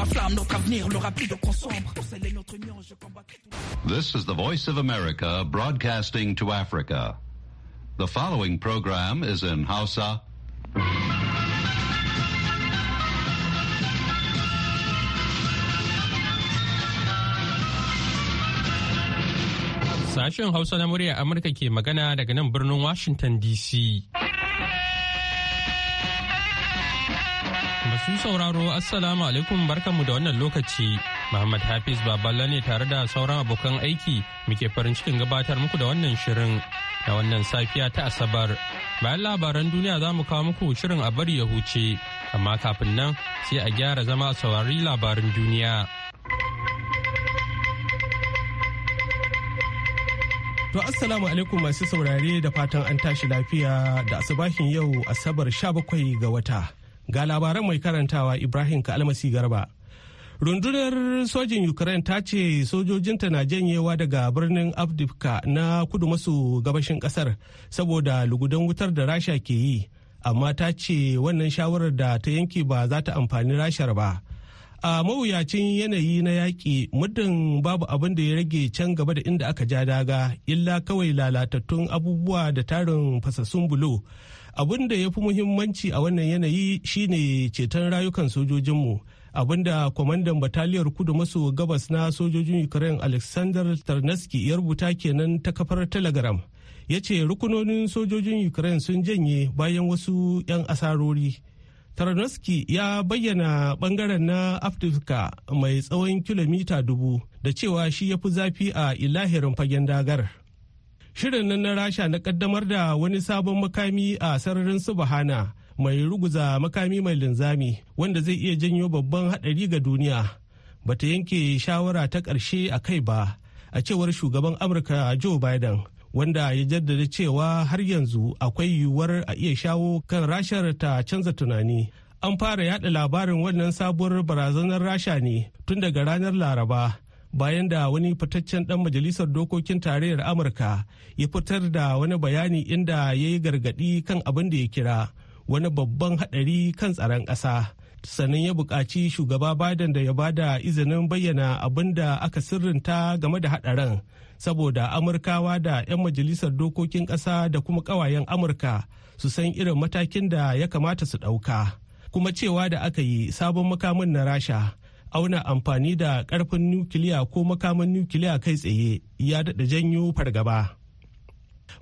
ma flamme, notre avenir, le Pour notre union, je This is the Voice of America broadcasting to Africa. The following program is in Hausa. Sashen Hausa na murya Amurka ke magana daga nan birnin Washington DC. Masu sauraro Assalamu alaikum barkanmu da wannan lokaci. Muhammad Hafiz Baballa ne tare da sauran abokan aiki muke farin cikin gabatar muku da wannan shirin da wannan safiya ta Asabar. Bayan labaran duniya za mu kawo muku shirin a bari ya huce, amma kafin nan sai a gyara zama a saurari labaran duniya. To Assalamu alaikum masu saurare da fatan an tashi lafiya da asubahin yau Asabar 17 ga wata. Ga labaran mai karantawa Ibrahim Kalmasi Garba. Rundunar sojin Ukraine ta ce sojojinta na janyewa daga birnin Avdivka na kudu maso gabashin kasar saboda lugudan wutar da Rasha ke yi, amma ta ce wannan shawarar da ta yanke ba za ta amfani Rashar ba. a mawuyacin yanayi na yaƙi muddin babu abin da ya rage can gaba da inda aka ja daga illa kawai lalatattun abubuwa da tarin fasassun bulo abin da ya fi muhimmanci a wannan yanayi shine ceton rayukan sojojinmu abinda kwamandan bataliyar kudu maso gabas na sojojin ukraine alexander tarnaski ya rubuta kenan ta kafar telegram ya ce rukunonin sojojin ukraine sun janye bayan wasu 'yan asarori tarnaski ya bayyana bangaren na Afrika mai tsawon kilomita dubu da cewa shi ya fi zafi a ilahirin fagen dagar shirin nan na rasha na kaddamar da wani sabon makami a sararin subahana mai ruguza makami mai linzami wanda zai iya janyo babban haɗari ga duniya bata yanke shawara ta ƙarshe a kai ba a cewar shugaban amurka joe biden wanda ya jaddada cewa har yanzu akwai yiwuwar a iya shawo kan rashar ta canza tunani an fara yada labarin wannan sabuwar barazanar rasha ne tun daga ranar laraba bayan da wani fitaccen dan majalisar dokokin tarayyar amurka ya fitar da wani bayani inda ya yi gargadi kan abin da ya kira wani babban hadari kan tsaron ƙasa sannan ya buƙaci shugaba biden da ya bada izinin bayyana abin da aka sirrinta game da hadarin saboda amurkawa da 'yan majalisar dokokin ƙasa da kuma ƙawayen amurka su san irin matakin da ya kamata su ɗauka kuma cewa da aka yi sabon makamin na rasha auna amfani da karfin nukiliya ko makaman nukiliya kai tsaye ya daɗa janyo fargaba.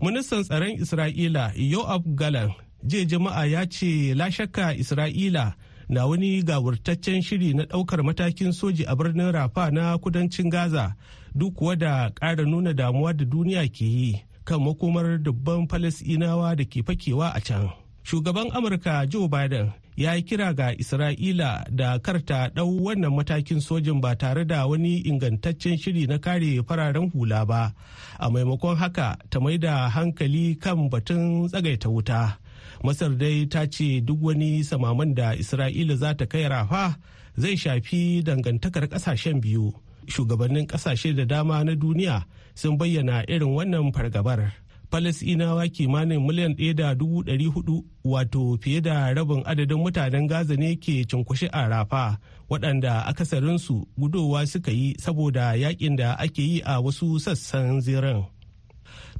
Ministan tsaron Isra'ila Yoav Galan jiya jama'a ya ce lashaka Isra'ila na wani gawurtaccen shiri na ɗaukar matakin soji a birnin Rafa na kudancin Gaza duk kuwa da ƙara nuna damuwa da duniya ke yi kan makomar dubban Falasɗinawa da ke fakewa a can. Shugaban Amurka Joe Biden ya yi kira ga isra'ila da karta ɗau wannan matakin sojin ba tare da wani ingantaccen shiri na kare fararen hula ba a maimakon haka ta mai da hankali kan batun tsagaita wuta masar dai ta ce duk wani samaman da isra'ila za ta kai rafa zai shafi dangantakar kasashen biyu shugabannin kasashe da dama na duniya sun bayyana irin wannan fargabar. falasinawa kimanin miliyan ɗaya da dubu ɗari hudu wato fiye da rabin adadin mutanen gaza ne ke cunkushe a rafa waɗanda akasarinsu gudowa suka yi saboda yakin da ake yi a wasu sassan zirin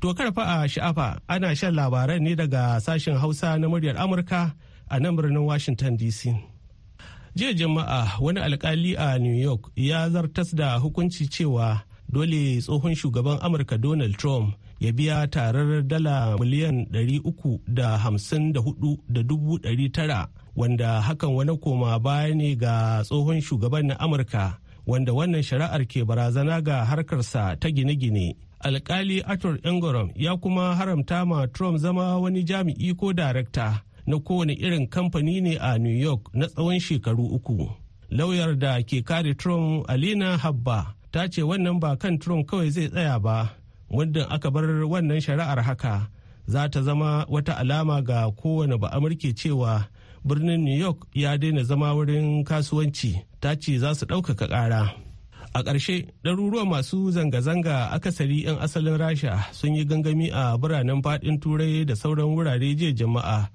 to karfa a sha'afa ana shan labaran ne daga sashen hausa na muryar amurka a nan birnin washington dc jiya jama'a wani alkali a new york ya zartas da hukunci cewa dole tsohon shugaban amurka donald trump ya biya tarar dala miliyan 354,900 wanda hakan wani koma baya ne ga tsohon shugaban na amurka wanda wannan shari'ar ke barazana ga harkarsa ta gine-gine alkali arthur ingram ya kuma haramta ma trump zama wani jami'i ko darakta na kowane irin kamfani ne a new york na tsawon shekaru uku lauyar da ke kare trump alina habba ta ce wannan ba kan trump kawai zai tsaya ba muddin aka bar wannan shari'ar haka za ta zama wata alama ga kowane ba'amurke cewa birnin new york ya daina zama wurin kasuwanci ta ce za su ɗaukaka ƙara a ƙarshe ɗaruruwan masu zanga-zanga akasari 'yan asalin rasha sun yi gangami a biranen faɗin turai da sauran wurare jiya jama'a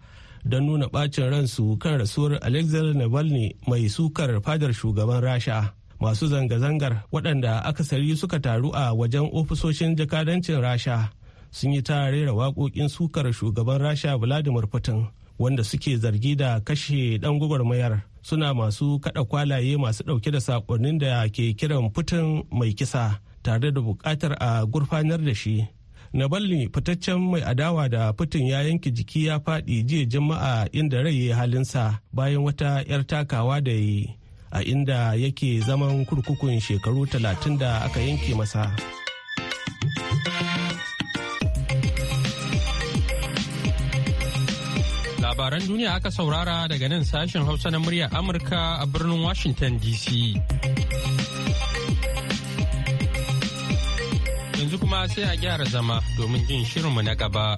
don nuna ɓacin ransu kan rasuwar alexander navalny mai sukar fadar shugaban rasha masu zanga-zangar waɗanda akasari suka taru a wajen ofisoshin jakadancin rasha sun yi ta rera waƙoƙin sukar shugaban rasha vladimir putin wanda suke zargi da kashe ɗan gwagwarmayar suna masu kaɗa kwalaye masu ɗauke da saƙonnin da ke kiran putin mai kisa tare da buƙatar a gurfanar da shi Na balli fitaccen mai adawa da Putin ya yanke jiki ya faɗi jiya Juma'a inda rai ya halinsa bayan wata 'yar takawa da yi. a inda yake zaman kurkukun shekaru talatin da aka yanke masa. Labaran duniya aka saurara daga nan sashen Hausa na muryar Amurka a birnin Washington DC. Yanzu kuma sai a gyara zama domin jin shirinmu na gaba.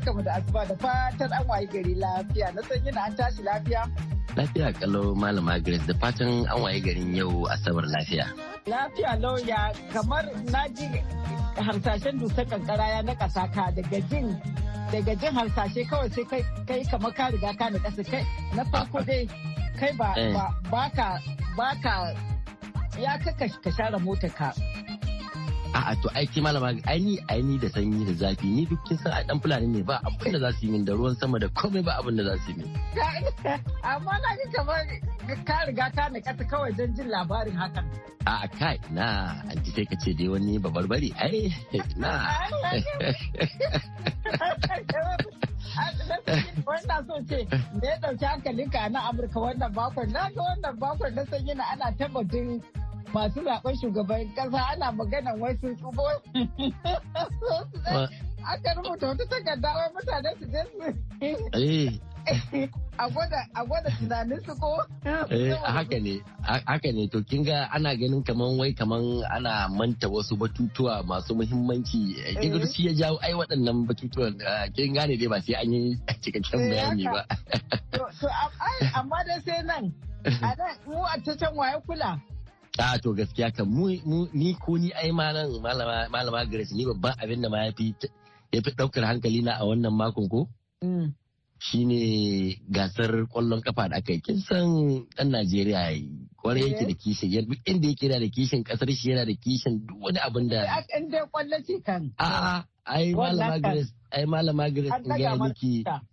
barkamu da azuba da fatan an waye gari lafiya na san yana an tashi lafiya. Lafiya kalau malama Grace da fatan an waye garin yau asabar lafiya. Lafiya lauya kamar naji harsashen dusar kankara ya na ka daga jin daga jin harsashe kawai sai kai kamar ka riga ka na kasa kai na farko dai kai ba eh. ba ka ya kaka ka share motar ka a'a to ai ke malama ai ni da sanyi da zafi ni duk kin san a dan fulani ne ba abin da za su yi min da ruwan sama da komai ba abin da za su yi min amma na ji kamar ka riga ta nakata kawai don jin labarin hakan a'a kai na anti sai ka ce dai wani bari ai na wanda so ce me ya dauki hankalinka na amurka wannan bakon na ga wannan bakon na sanyi na ana tabbatin masu zaɓen shugaban ƙasa ana maganan wai sun tsubo aka rubuta wata takarda wai mutane su je eh. a gwada tunanin su ko eh haka ne haka ne to kin ga ana ganin kaman wai kaman ana manta wasu batutuwa masu muhimmanci eh, kin ga shi ya jawo ai waɗannan batutuwan kin gane dai ba sai an yi cikakken eh, bayani ba to amma dai sai nan a nan mu a ta can waye kula a to gaskiya kan mu ni ko ni ai ma nan malama malama Grace ni babban abin da ma yafi yafi daukar hankali na a wannan makon ko mm. shine gasar kwallon kafa da aka yi kin san dan Najeriya kwarai yake da eh. kishin duk inda yake da kishin kasar shi yana da kishin duk wani abin da in dai kwallo ce kan a a ai malama Grace ai malama Grace ga miki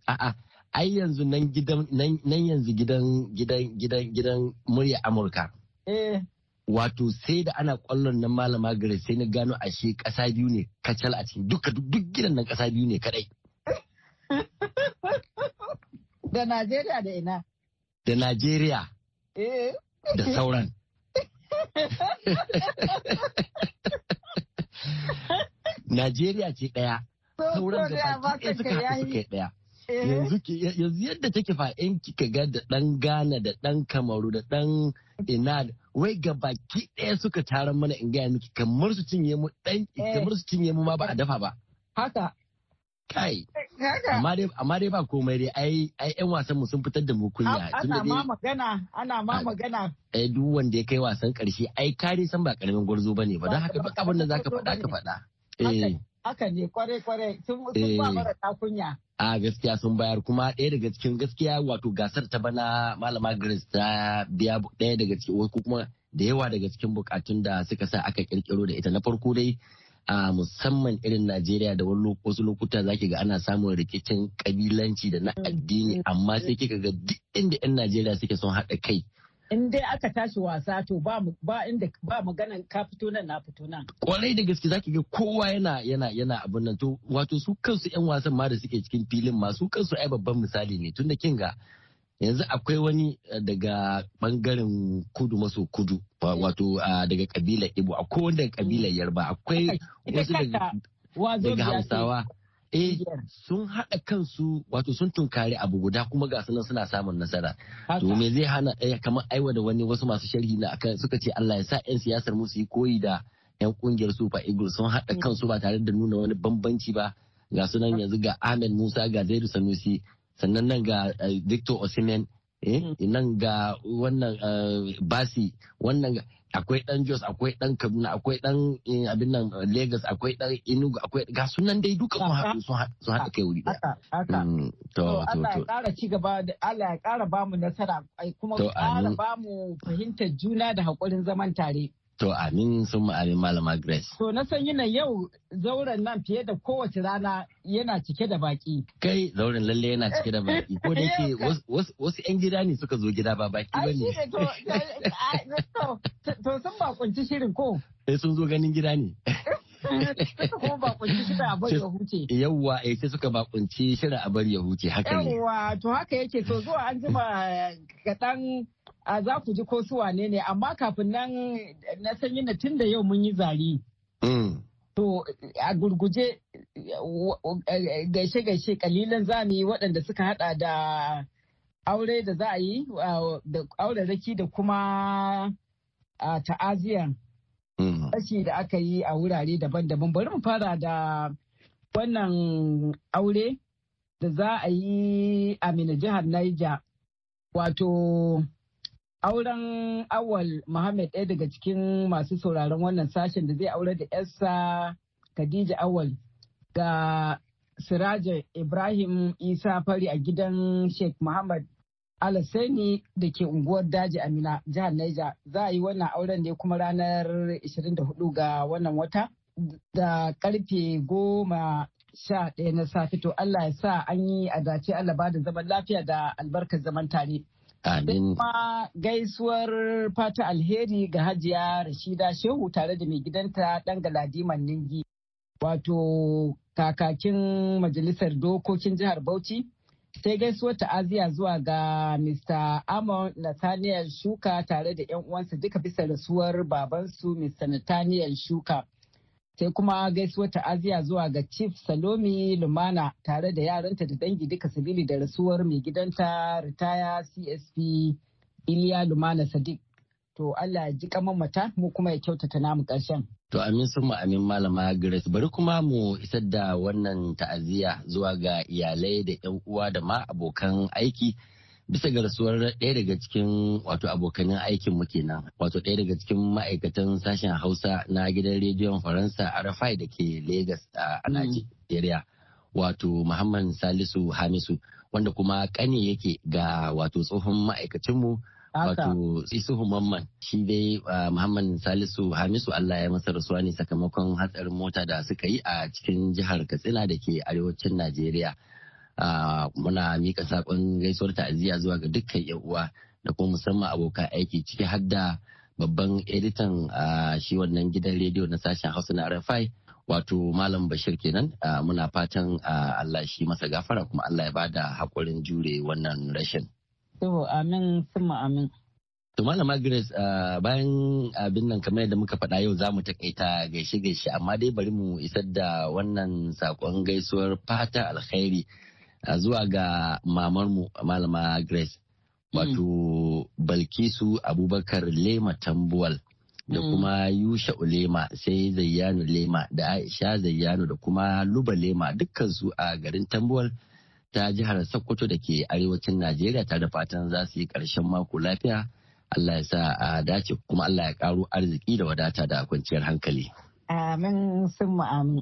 a a ai yanzu nan gidan nan yanzu gidan gidan gidan gidan murya Amurka eh wato sai da ana kwallon nan malama gare sai na gano ashe kasa biyu ne kacal a cikin duka duk gidan nan kasa biyu ne kadai. Da Najeriya da ina? Da Najeriya. Eh. Da sauran. Najeriya ce ɗaya. Sauran da suka haɗu suka yi ɗaya. Eh. yanzu yadda take fa'in kika ga da ɗan Ghana da ɗan Kamaru da ɗan Inad wai ga baki ɗaya suka taron mana in gaya miki kamar su cinye mu ɗan eh. kamar su cinye mu ma ba a dafa ba. Haka. Kai. Eh, amma dai ba komai dai ai ai ƴan wasan mu sun fitar da mu kunya. Ana ma magana ana ma magana. Eh duk wanda ya kai wasan ƙarshe ai kare san ba ƙaramin gwarzo bane ba don haka duk abin da zaka faɗa ka faɗa. Haka eh. ne kwarai kwarai sun ba mara kunya. a gaskiya sun bayar kuma ɗaya daga cikin gaskiya wato gasar ta bana malama grace ta biya ɗaya daga cikin ko kuma da yawa daga cikin bukatun da suka sa aka kirkiro da ita na farko dai a musamman irin najeriya da wasu lokuta zaki ga ana samun rikicin kabilanci da na addini mm. amma sai kika ga duk inda 'yan najeriya suke son haɗa kai in dai aka tashi wasa to ba ba inda ba maganan ka fito nan na fito nan kwarai da gaske zaki ga kowa yana yana yana abin nan to wato su kansu yan wasan ma da suke cikin filin ma su kansu ai babban misali ne tunda kin ga yanzu akwai wani eh, daga bangaren kudu maso kudu wato daga kabilar ibo akwai wanda kabilar yarba akwai wasu daga hausawa eh sun haɗa kansu wato sun tunkari abu guda kuma ga sunan suna samun nasara to me zai hana ɗaya eh, kamar aiwa da wani wasu masu sharhi na akan suka ce Allah ya sa ƴan siyasar mu su yi koyi da yan kungiyar Super Eagles sun haɗa mm. kansu ba tare da nuna wani bambanci ba ga sunan yanzu ga Ahmed Musa ga Zaidu Sanusi sannan nan ga eh, Victor Osimhen Eh, mm. nan ga wannan eh, basi wannan akwai dan jos akwai dan kaduna akwai dan eh, abin nan lagos akwai dan enugu akwai ga sunan dai haɗu sun haɗa kai wuri haka mm, to Allah ya ƙara ci gaba da Allah ya ƙara bamu nasara kuma ƙara bamu fahimtar juna da haƙurin zaman tare To amin sun amin malama Grace. To na san yinan yau zauren nan fiye da kowace rana yana cike da baki. Kai zauren lalle yana cike da baki ko da yake wasu 'yan gida ne suka zo gida ba baki ba ne. To sun bakunci shirin ko? Sai eh, sun zo ganin gida ne. Yawwa eh suka bakunci shirin a bar ya huce haka ne. Yawwa to haka yake to zuwa an jima kaɗan a za ku ji ko su wane ne amma kafin nan na san na tun da yau mun yi zari. Mm. To a gurguje gaishe-gaishe kalilan mu yi waɗanda suka haɗa da aure da za a yi da aure raki da kuma ta'aziyar. Rashi mm. da aka yi a wurare daban-daban bari mu fara da wannan aure da za a yi a mina jihar Niger wato auren awal Muhammad ɗaya daga cikin masu sauraron wannan sashen da zai aure da yarsa Khadija awal ga Siraja Ibrahim Isa fari a gidan Sheikh Muhammad Alasani da ke unguwar daji Amina jihar Niger za a yi wannan auren ne kuma ranar 24 ga wannan wata da karfe goma sha ɗaya na safe to Allah ya sa an yi a dace Allah ba da zaman lafiya da albarkar zaman tare. Amin. Kuma gaisuwar fata alheri ga Hajiya Rashida Shehu tare da mai gidanta ɗan Galadiman Ningi. Wato kakakin majalisar dokokin jihar Bauchi sai gaisuwar ta'aziya zuwa ga Mr. Amon Nathaniel Shuka tare da 'yan uwansa duka bisa rasuwar babansu Mr. Nathaniel Shuka. Sai kuma gaisuwar ta'aziya zuwa ga Chief Salomi Lumana tare da yaranta da dangi duka sabili da rasuwar mai gidanta ritaya CSP Iliya Lumana Sadiq. To Allah ya ji kamar mata mu kuma ya kyautata namu ƙarshen. To amin sun amin malama Grace bari kuma mu isar da wannan ta'aziyya zuwa ga iyalai da 'yan uwa da ma abokan aiki bisa ga rasuwar ɗaya daga cikin wato abokanin aikin mu kenan wato ɗaya daga cikin ma'aikatan sashen Hausa na gidan rediyon Faransa RFI da ke Legas a mm. Najeriya wato Muhammad Salisu Hamisu wanda kuma ƙani yake ga wato tsohon ma'aikacinmu wato isuhu mamman shi dai muhammad salisu hamisu allah ya masa rasuwa ne sakamakon hatsarin mota da suka yi a cikin jihar katsina da ke arewacin najeriya muna mika saƙon gaisuwar ta'aziyya zuwa ga dukkan yan uwa da kuma musamman abokan aiki ciki har da babban editan shi wannan gidan rediyo na sashen hausa na rfi wato malam bashir kenan muna fatan allah shi masa gafara kuma allah ya bada haƙurin jure wannan rashin To amin suma amin. To Malama Grace bayan abin nan kamar yadda muka faɗa yau za mu takaita gaishe-gaishe amma dai bari mu isar da wannan saƙon gaisuwar fata alkhairi zuwa ga mamarmu Malama Grace. Mm. Wato Balkisu Abubakar Lema Tambuwal da mm. kuma Yusha Ulema sai Zayyanu Lema da Aisha Zayyanu da kuma Luba Lema dukkansu a garin Tambuwal. ta jihar Sokoto da ke arewacin Najeriya ta da fatan za su yi ƙarshen mako lafiya. Allah ya sa a dace kuma Allah ya ƙaro arziki da wadata da kwanciyar hankali. Amin sun amin.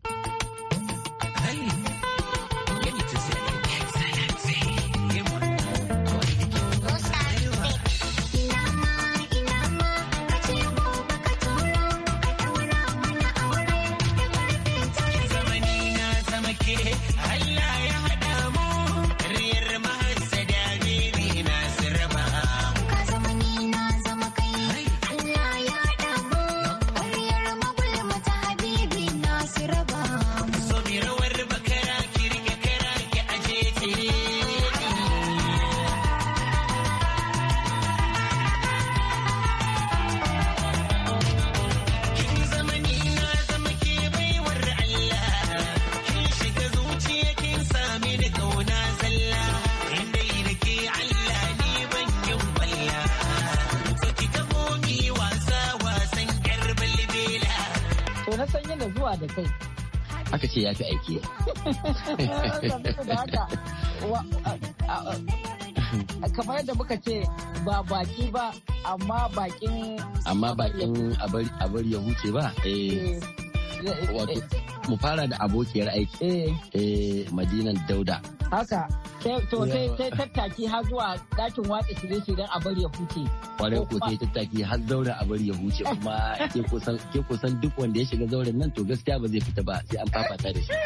kai aka ce ya fi aiki kamar da muka ce ba baki ba amma bakin amma bakin abar ya huce ba eh wato mu fara da abokiyar aiki eh, eh madinan dauda haka to sai tattaki har zuwa dakin watsa shirye-shiryen a bari ya huce kwarai ko sai tattaki har zaure a bari ya huce kuma ke kusan duk wanda ya shiga zauren nan to gaskiya ba zai fita ba sai an fafata da shi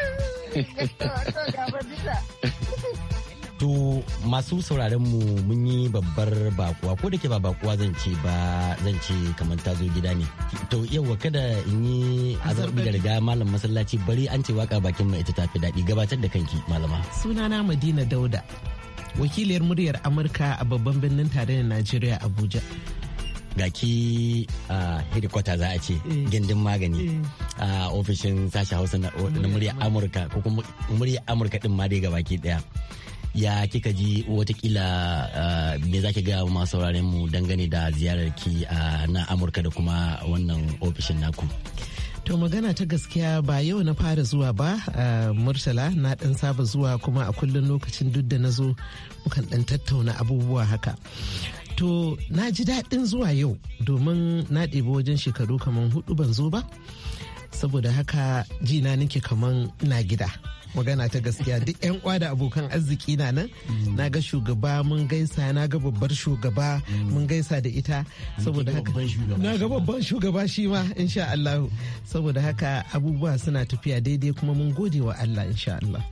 To masu sauraron mu mun yi babbar bakuwa ko da ke ba bakuwa zan ce ba zan ce kamar ta zo gida ne. To yau kada in yi azabi da riga malam masallaci bari an ce waka bakin mai ita tafi daɗi gabatar da kanki malama. Sunana Madina Dauda. Wakiliyar muryar Amurka a babban birnin tarayyar Najeriya Abuja. gaki a hedikwata za a ce eh. gindin magani eh. a ofishin sashi hausa na muryar amurka ko kuma muryar amurka din ma dai gabaki daya ya kika ji watakila uh, me za ki gaya masu sauraren mu dangane da ziyarar ki uh, na amurka da kuma wannan ofishin naku To magana ta gaskiya ba yau na fara zuwa ba a uh, Murtala na dan saba zuwa kuma a kullum lokacin duk da na zo mukan dan tattauna abubuwa haka. To na ji daɗin zuwa yau domin na ɗebi wajen shekaru kamar hudu ban zo ba. saboda haka jina nake kaman na gida magana ta gaskiya duk yan uwa da abokan arziki na nan mm. na ga shugaba mun gaisa na ga babbar shugaba mm. mun gaisa da ita saboda haka na ga babban shugaba shi ma insha Allah saboda haka abubuwa suna tafiya daidai kuma mun gode wa Allah insha Allah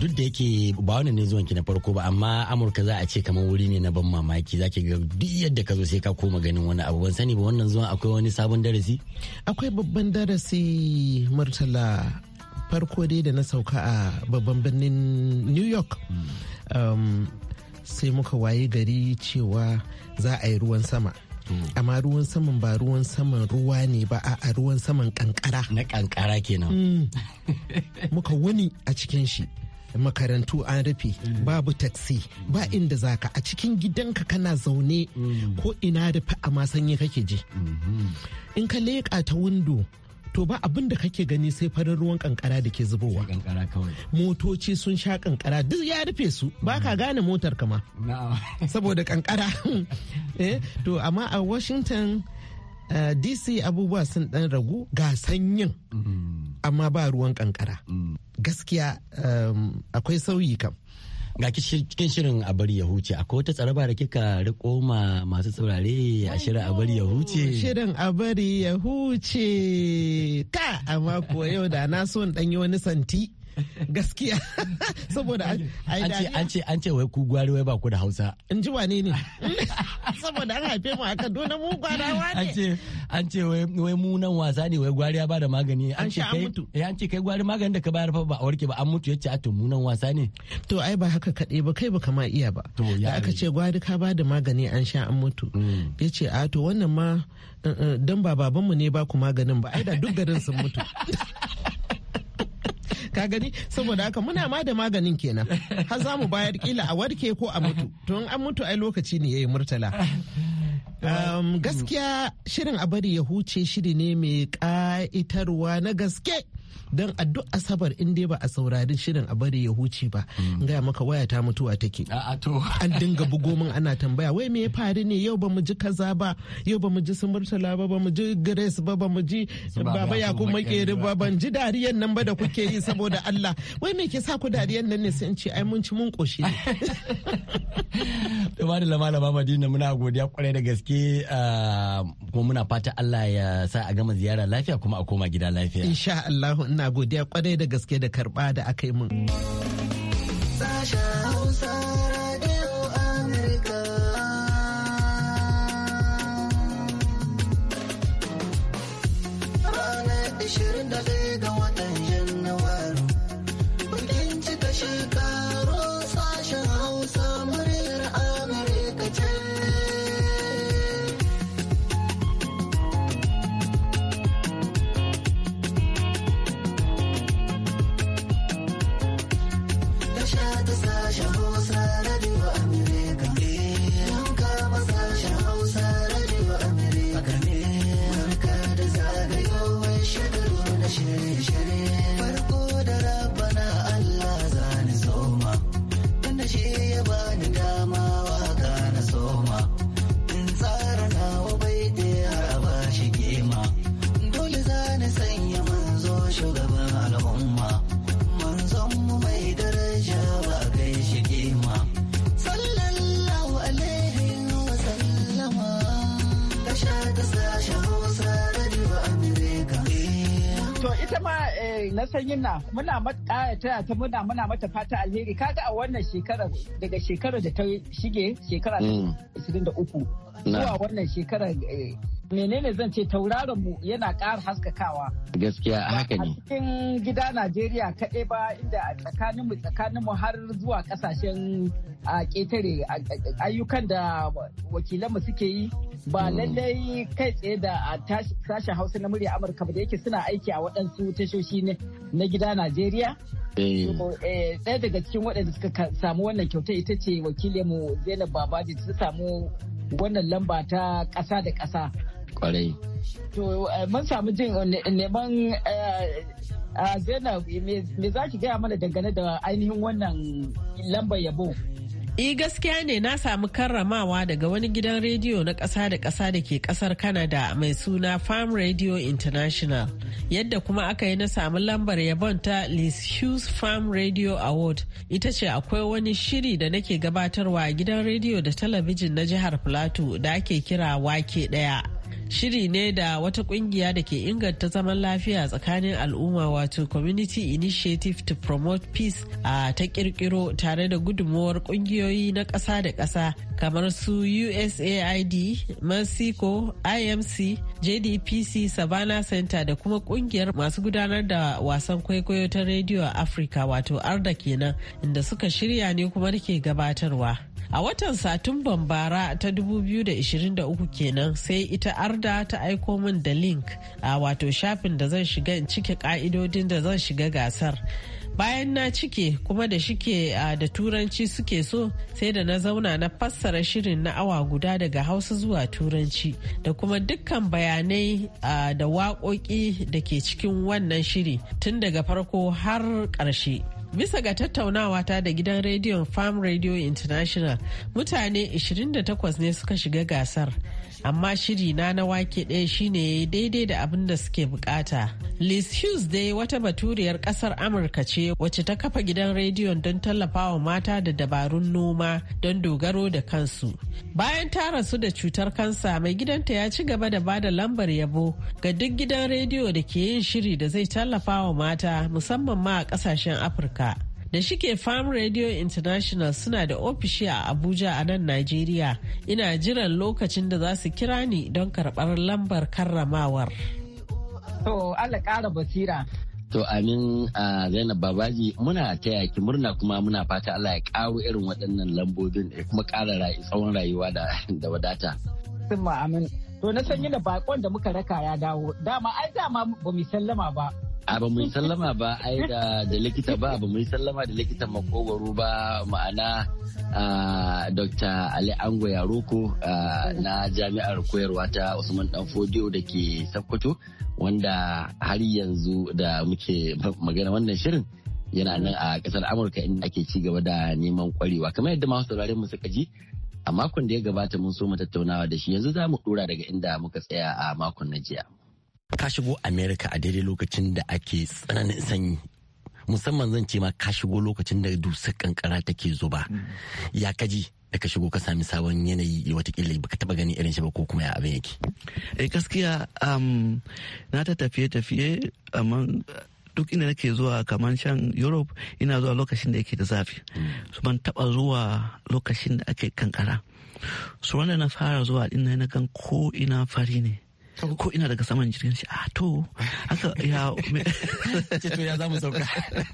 duk da yake ba wani ne zuwanki na farko ba amma Amurka za a ce kamar wuri ne na ban mamaki zaki ga duk yadda ka zo sai ka koma ganin wani abu ban sani ba wannan zuwan akwai wani sabon darasi akwai babban darasi alhaji murtala farko dai da na sauka a babban birnin new york um, sai muka waye gari cewa za a yi ruwan sama hmm. amma ruwan saman ba ruwan saman ruwa ne ba a ruwan saman kankara na kankara kenan hmm. muka wani a cikin shi makarantu an rufe hmm. babu taxi ba inda zaka a cikin gidanka kana zaune ko ina rufe a sanyi kake je in ka leƙa ta windo to ba abin da kake gani sai farin ruwan kankara da ke zubowa motoci sun sha kankara duk ya rufe su ba ka mm. gane motar kama saboda kankara eh, to amma a washington eh, dc abubuwa sun dan ragu ga sanyin mm. amma ba ruwan kankara mm. gaskiya eh, akwai sauyi kam ga cikin shirin a bari ya huce akwai wata tsaraba da kika riko ma masu tsirare a shirin a bari ya huce shirin a bari ya huce ka amma kuwa yau da na so in danyi wani santi gaskiya saboda an ce an ce wai ku gwari wai ba ku da hausa in ji wane ne saboda an haife mu haka dole mu gwarawa ne an ce wai mu nan wasa ne wai gwari ya bada magani an ce kai eh, an ce kai gwari magani da ka bayar fa ba a warke ba an mutu yace a to mu nan wasa ne to ai ba haka kadai ba kai ba kama iya ba ya aka ce gwari ka bada magani an sha an mutu mm. yace a to wannan ma eh, eh, dan ba babanmu ne ba ku maganin ba ai da duk garin sun mutu gani saboda haka muna ma da maganin kenan har za mu bayar kila a warke ko a mutu to an mutu ai lokaci ne yayi murtala um, gaskiya shirin a bari ya huce shiri ne mai ka'itarwa na gaske don a duk asabar in dai ba a saurari shirin a bari ya huce ba mm. gaya maka waya ta mutuwa take an dinga bugo min ana tambaya wai me ya faru ne yau ba mu ji kaza ba yau ba mu ji sumurtala ba ba mu ji grace ba ba mu ji baba ya kuma kere ba ban ji dariyan nan ba da kuke yi saboda Allah wai me ke sa ku dariyan nan ne sai in ce ai mun ci mun koshi ne da malama Madina muna godiya kwarai da gaske ah, kuma muna fata Allah ya sa a gama ziyara lafiya kuma a koma gida lafiya insha Allah ina ina godiya kwarai da gaske da karba da aka yi min. na sanyin na muna mata taya ta muna muna mata fata alheri kaga a wannan shekarar daga shekarar da ta shige shekara 23 mm. zuwa wannan shekarar eh, menene zan ce tauraron mu yana ƙara haskakawa gaskiya haka ne cikin gida Najeriya kaɗai ba inda a tsakanin mu tsakanin mu har zuwa kasashen a ƙetare ayyukan da wakilan mu suke yi ba hmm. lallai kai tsaye da sashen Hausa na murya Amurka ba da yake suna aiki a waɗansu tashoshi na gida Najeriya Eh. Eh, ɗaya daga cikin waɗanda suka samu wannan kyauta ita ce wakilinmu Zainab Babaji ta samu wannan lamba ta ƙasa da ƙasa. ƙwarai To eh, mun samu jin neman Zainab me za ki gaya mana dangane da ainihin wannan lambar yabo? e gaskiya ne na samu karramawa daga wani gidan rediyo na ƙasa da ƙasa da ke ƙasar Canada mai suna Farm Radio International. Yadda kuma aka yi na samu lambar yabon ta Liz Hughes Farm Radio Award. Ita ce akwai wani shiri da nake gabatarwa gidan rediyo da talabijin na jihar Plateau da ake kira wake ɗaya. shiri ne da wata kungiya da ke inganta zaman lafiya tsakanin al'umma wato community initiative to promote peace a ta kirkiro tare da gudunmuwar kungiyoyi na ƙasa da ƙasa kamar su usaid mexico imc jdpc savannah center da kuma kungiyar masu gudanar da wasan kwaikwayo ta rediyo africa wato arda kenan inda suka shirya ne kuma da ke gabatarwa A watan Satumban bara ta 2023 kenan sai ita Arda ta aiko min da link a wato shafin da zan shiga in cike ka'idodin da zan shiga gasar. Bayan na cike kuma da shike da turanci suke so sai da na zauna na fassara shirin na awa guda daga hausa zuwa turanci da kuma dukkan bayanai da waƙoƙi da ke cikin wannan shiri tun daga farko har ƙarshe. Bisa ga tattaunawa ta da gidan rediyon Farm Radio International, mutane 28 ne suka shiga gasar amma shiri na na wake ɗaya shine daidai da abin da suke bukata. Liz Hughes dai wata baturiyar ƙasar Amurka ce wacce ta kafa gidan rediyon don tallafawa mata da dabarun noma don dogaro da kansu. Bayan ta rasu da cutar kansa mai gidanta ya ci gaba da bada lambar yabo ga duk gidan rediyo da ke yin shiri da zai tallafawa mata musamman ma a ƙasashen Afirka. Da shike Farm Radio International suna da ofishi a Abuja a nan Najeriya. Ina jiran lokacin da za su kira ni don karɓar lambar karramawar. To, Allah ƙara basira. To amin a Zainab Babaji muna taya ki murna kuma muna fata Allah ya karo irin waɗannan lambobin ya kuma ƙara tsawon rayuwa da wadata. to na sanyi da bakon da muka raka ya dawo dama ai dama ba mu sallama ba a ba mu sallama ba ai da da likita ba ba mu sallama da likitan makogwaro ba ma'ana dr ali ango yaroko na jami'ar koyarwa ta usman dan fodio da ke sokoto wanda har yanzu da muke magana wannan shirin yana nan a kasar amurka inda ake ci gaba da neman kwarewa kamar yadda masu sauraren mu suka ji a makon da ya gabata mun so mu tattaunawa da shi yanzu za mu dora daga inda muka tsaya a makon na jiya. Ka shigo Amerika a daidai lokacin da ake tsananin sanyi musamman zan ce ma ka shigo lokacin da dusar kankara take zuba mm. ya kaji da ka shigo ka sami sabon yanayi eh, watakila ka taba gani irin shi ba ko kuma ya abin yake. Eh gaskiya um, na ta tafiye-tafiye amma duk inda nake zuwa kamar can europe ina zuwa lokacin da yake da zafi su ban taba zuwa lokacin da ake kankara su wanda na fara zuwa ina na gan ko ina fari ne ko ina daga saman jirgin shi a ah, to aka ya ceto ya za mu sauka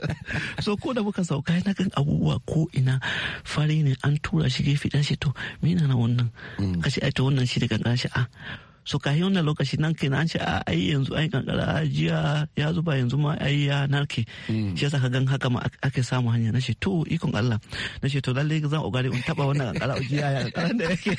so ko da muka sauka na kan abubuwa ko ina fari ne an tura shi gefe dan shi to mina na wannan mm. kashi ai to wannan shi daga shi a ah, so yi wannan lokaci nan ke an ce a ai yanzu ai kankara jiya ya zuba yanzu ma ai ya narke mm. shi yasa ka gan haka ma ake samu hanya na ce to ikon Allah na ce to lalle zan ogare in taba wannan kankara jiya ya kankara da yake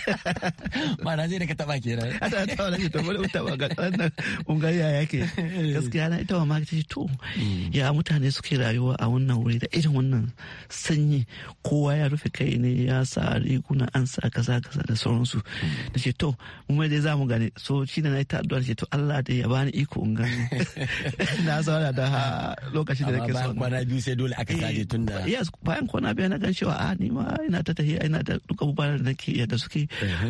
ma na zai da ka taba kenan a ta taba na ce to bari in taba kankara nan mun ga ya yake gaskiya na ita ma ta ce to mm. ya mutane suke rayuwa a wannan wuri da irin wannan sanyi kowa ya rufe kai ne ya sa riguna an sa kaza kaza da sauransu mm. na ce to mu mai dai za mu gane so shi ne na yi ta'addu'a ce to Allah da ya bani iko in gani na zauna da ha lokacin da nake son kwana biyu sai dole aka kaje tun da eh, yes bayan kwana biyu na gan cewa a ah, ni ma ina ta tahiya ina da duk abubuwan da nake yadda suke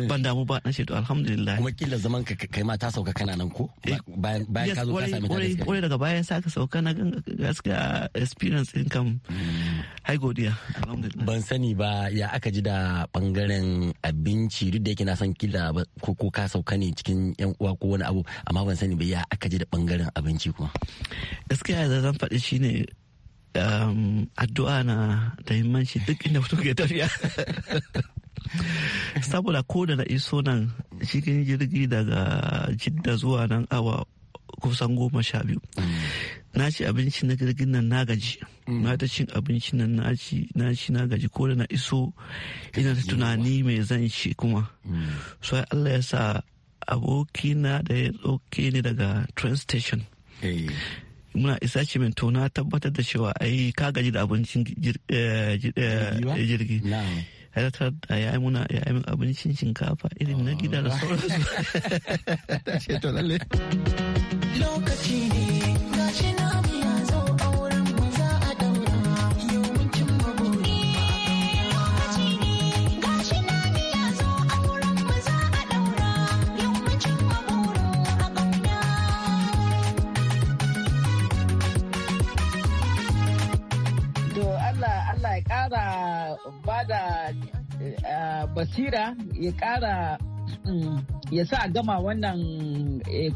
ban damu ba na ce to alhamdulillah kuma kila zaman ka kai ma ta sauka kana nan ko eh, bayan ka zo ka sami ta gaskiya kore daga bayan sa ka sauka na gan gaskiya experience din kam hmm. hai godiya alhamdulillah ban sani ba ya aka ji da bangaren abinci duk da yake na san kila ko ka sauka ne cikin cikin yan uwa ko wani abu amma ban sani ba ya aka ji da bangaren abinci kuma gaskiya da zan faɗi shine um, addu'a na da himmanci duk inda mutum ke tafiya saboda ko da na iso nan cikin jirgi daga jidda zuwa nan awa kusan goma sha biyu mm. na ci abinci na jirgin nan na gaji mm. na ta cin abinci nan na ci na ci na gaji ko da na iso ina tunani mai zan ci kuma mm. so Allah ya sa abokina da ya tsoke ni daga train station muna isa ce min to na tabbatar da cewa ai ka gaji da abincin eh, eh, jirgi haitar da ya yi muna ya yi abincin shinkafa irin na gida da sauransu lokaci ne kara ba da eh, ah, basira ya kara mm, ya sa gama wannan eh,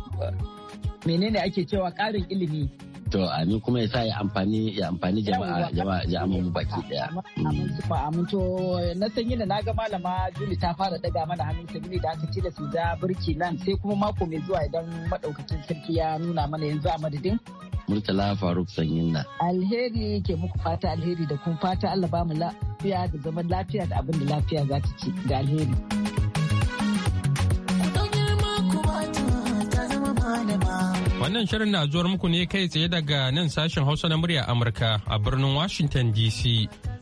menene ake cewa ƙarin ilimi to amin ah, kuma ya sa ya amfani ya amfani jama'a jama'a mu baki daya amma mm. to na san yana na ga malama Juli ta fara daga mana hannun ta da aka ce da su da burki nan sai kuma mako mai zuwa idan madaukakin sarki ya nuna mana yanzu a madadin Murtala Faruk Sanyin Alheri ke muku fata alheri da kuma fata Allah ba mu lafiya da zaman lafiya da abin da lafiya za ta ci ga alheri. Wannan shirin na zuwar muku ne kai tsaye daga nan sashen Hausa na murya Amurka a birnin Washington DC.